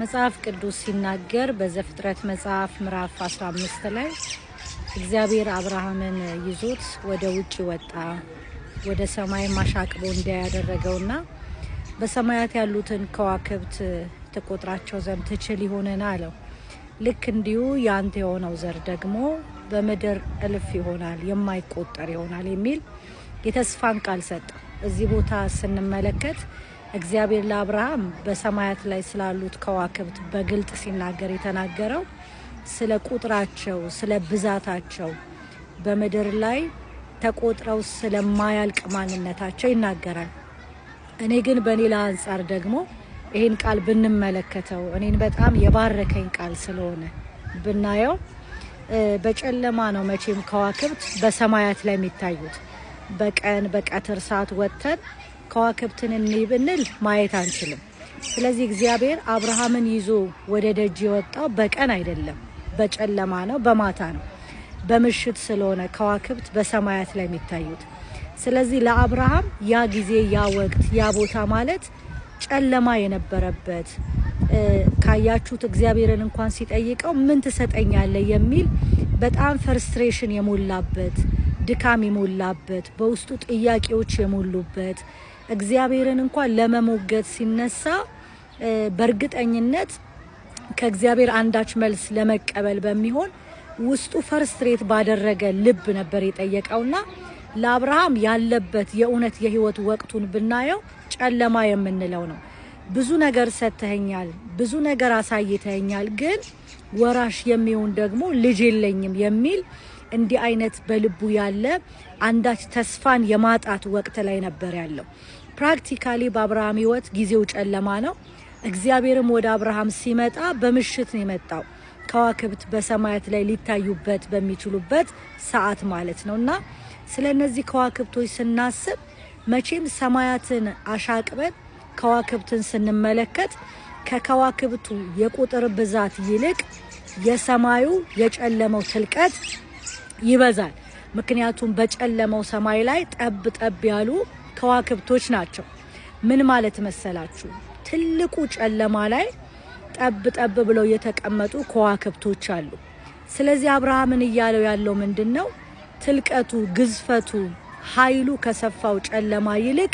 መጽሐፍ ቅዱስ ሲናገር በዘፍጥረት መጽሐፍ ምዕራፍ 15 ላይ እግዚአብሔር አብርሃምን ይዞት ወደ ውጭ ወጣ ወደ ሰማይ ማሻቅቦ እንዲያ በሰማያት ያሉትን ከዋክብት ትቆጥራቸው ዘንድ ትችል ይሆንን አለው። ልክ እንዲሁ ያንተ የሆነው ዘር ደግሞ በምድር እልፍ ይሆናል፣ የማይቆጠር ይሆናል የሚል የተስፋን ቃል ሰጠ። እዚህ ቦታ ስንመለከት እግዚአብሔር ለአብርሃም በሰማያት ላይ ስላሉት ከዋክብት በግልጥ ሲናገር የተናገረው ስለ ቁጥራቸው፣ ስለ ብዛታቸው በምድር ላይ ተቆጥረው ስለማያልቅ ማንነታቸው ይናገራል። እኔ ግን በሌላ አንጻር ደግሞ ይህን ቃል ብንመለከተው እኔን በጣም የባረከኝ ቃል ስለሆነ ብናየው በጨለማ ነው መቼም ከዋክብት በሰማያት ላይ የሚታዩት። በቀን በቀትር ሰዓት ወጥተን ከዋክብትን እንይ ብንል ማየት አንችልም። ስለዚህ እግዚአብሔር አብርሃምን ይዞ ወደ ደጅ የወጣው በቀን አይደለም፣ በጨለማ ነው፣ በማታ ነው፣ በምሽት ስለሆነ ከዋክብት በሰማያት ላይ የሚታዩት። ስለዚህ ለአብርሃም ያ ጊዜ፣ ያ ወቅት፣ ያ ቦታ ማለት ጨለማ የነበረበት ካያችሁት እግዚአብሔርን እንኳን ሲጠይቀው ምን ትሰጠኛለህ የሚል በጣም ፍርስትሬሽን የሞላበት ድካም የሞላበት በውስጡ ጥያቄዎች የሞሉበት እግዚአብሔርን እንኳን ለመሞገት ሲነሳ በእርግጠኝነት ከእግዚአብሔር አንዳች መልስ ለመቀበል በሚሆን ውስጡ ፈርስትሬት ባደረገ ልብ ነበር የጠየቀውና ለአብርሃም ያለበት የእውነት የህይወት ወቅቱን ብናየው ጨለማ የምንለው ነው። ብዙ ነገር ሰጥተኸኛል፣ ብዙ ነገር አሳይተኸኛል፣ ግን ወራሽ የሚሆን ደግሞ ልጅ የለኝም የሚል እንዲህ አይነት በልቡ ያለ አንዳች ተስፋን የማጣት ወቅት ላይ ነበር ያለው። ፕራክቲካሊ በአብርሃም ህይወት ጊዜው ጨለማ ነው። እግዚአብሔርም ወደ አብርሃም ሲመጣ በምሽት ነው የመጣው ከዋክብት በሰማያት ላይ ሊታዩበት በሚችሉበት ሰዓት ማለት ነው። እና ስለ እነዚህ ከዋክብቶች ስናስብ መቼም ሰማያትን አሻቅበን ከዋክብትን ስንመለከት ከከዋክብቱ የቁጥር ብዛት ይልቅ የሰማዩ የጨለመው ትልቀት ይበዛል። ምክንያቱም በጨለመው ሰማይ ላይ ጠብ ጠብ ያሉ ከዋክብቶች ናቸው። ምን ማለት መሰላችሁ? ትልቁ ጨለማ ላይ ጠብ ጠብ ብለው የተቀመጡ ከዋክብቶች አሉ። ስለዚህ አብርሃምን እያለው ያለው ምንድን ነው? ትልቀቱ፣ ግዝፈቱ፣ ኃይሉ ከሰፋው ጨለማ ይልቅ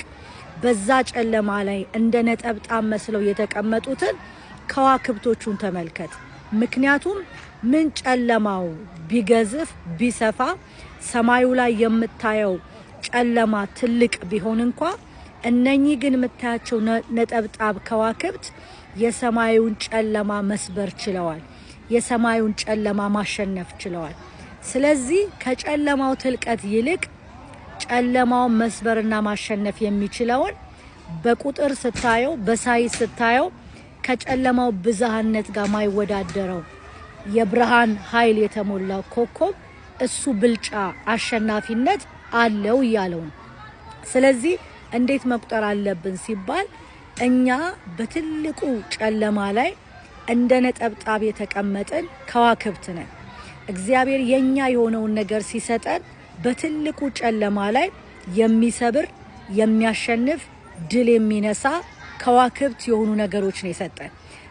በዛ ጨለማ ላይ እንደ ነጠብጣብ መስለው የተቀመጡትን ከዋክብቶቹን ተመልከት። ምክንያቱም ምን ጨለማው ቢገዝፍ ቢሰፋ ሰማዩ ላይ የምታየው ጨለማ ትልቅ ቢሆን እንኳ እነኚህ ግን የምታያቸው ነጠብጣብ ከዋክብት የሰማዩን ጨለማ መስበር ችለዋል። የሰማዩን ጨለማ ማሸነፍ ችለዋል። ስለዚህ ከጨለማው ትልቀት ይልቅ ጨለማውን መስበርና ማሸነፍ የሚችለውን በቁጥር ስታየው፣ በሳይዝ ስታየው ከጨለማው ብዝሃነት ጋር ማይወዳደረው የብርሃን ኃይል የተሞላው ኮከብ እሱ ብልጫ አሸናፊነት አለው እያለው ነው። ስለዚህ እንዴት መቁጠር አለብን ሲባል እኛ በትልቁ ጨለማ ላይ እንደ ነጠብጣብ የተቀመጥን ከዋክብት ነን። እግዚአብሔር የኛ የሆነውን ነገር ሲሰጠን በትልቁ ጨለማ ላይ የሚሰብር የሚያሸንፍ ድል የሚነሳ ከዋክብት የሆኑ ነገሮች ነው የሰጠን።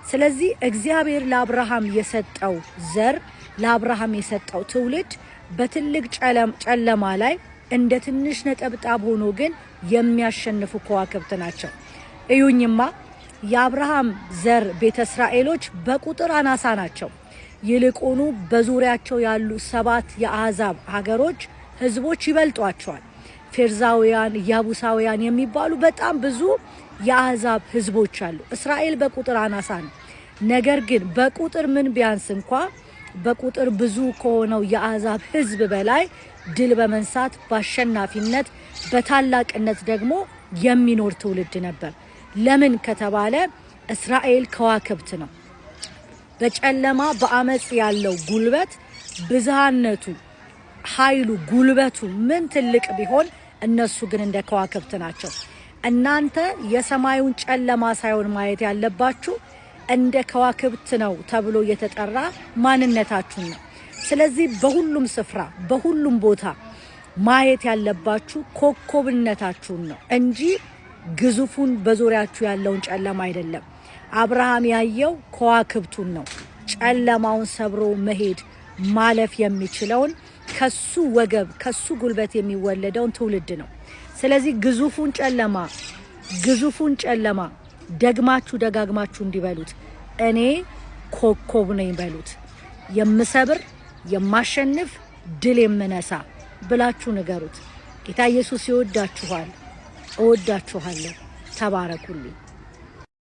ስለዚህ እግዚአብሔር ለአብርሃም የሰጠው ዘር ለአብርሃም የሰጠው ትውልድ በትልቅ ጨለማ ላይ እንደ ትንሽ ነጠብጣብ ሆኖ ግን የሚያሸንፉ ከዋክብት ናቸው። እዩኝማ የአብርሃም ዘር ቤተ እስራኤሎች በቁጥር አናሳ ናቸው። ይልቁኑ በዙሪያቸው ያሉ ሰባት የአሕዛብ ሀገሮች ህዝቦች ይበልጧቸዋል። ፌርዛውያን፣ ያቡሳውያን የሚባሉ በጣም ብዙ የአሕዛብ ህዝቦች አሉ። እስራኤል በቁጥር አናሳ ነው። ነገር ግን በቁጥር ምን ቢያንስ እንኳ በቁጥር ብዙ ከሆነው የአሕዛብ ህዝብ በላይ ድል በመንሳት በአሸናፊነት በታላቅነት ደግሞ የሚኖር ትውልድ ነበር። ለምን ከተባለ እስራኤል ከዋክብት ነው። በጨለማ በአመፅ ያለው ጉልበት ብዝሃነቱ፣ ኃይሉ፣ ጉልበቱ ምን ትልቅ ቢሆን እነሱ ግን እንደ ከዋክብት ናቸው። እናንተ የሰማዩን ጨለማ ሳይሆን ማየት ያለባችሁ እንደ ከዋክብት ነው ተብሎ የተጠራ ማንነታችሁን ነው። ስለዚህ በሁሉም ስፍራ በሁሉም ቦታ ማየት ያለባችሁ ኮከብነታችሁን ነው እንጂ ግዙፉን በዙሪያችሁ ያለውን ጨለማ አይደለም። አብርሃም ያየው ከዋክብቱን ነው። ጨለማውን ሰብሮ መሄድ ማለፍ የሚችለውን ከሱ ወገብ ከሱ ጉልበት የሚወለደውን ትውልድ ነው። ስለዚህ ግዙፉን ጨለማ ግዙፉን ጨለማ ደግማችሁ ደጋግማችሁ እንዲበሉት እኔ ኮከብ ነኝ በሉት። የምሰብር የማሸንፍ ድል የምነሳ ብላችሁ ንገሩት። ጌታ ኢየሱስ ይወዳችኋል። እወዳችኋለሁ። ተባረኩልኝ።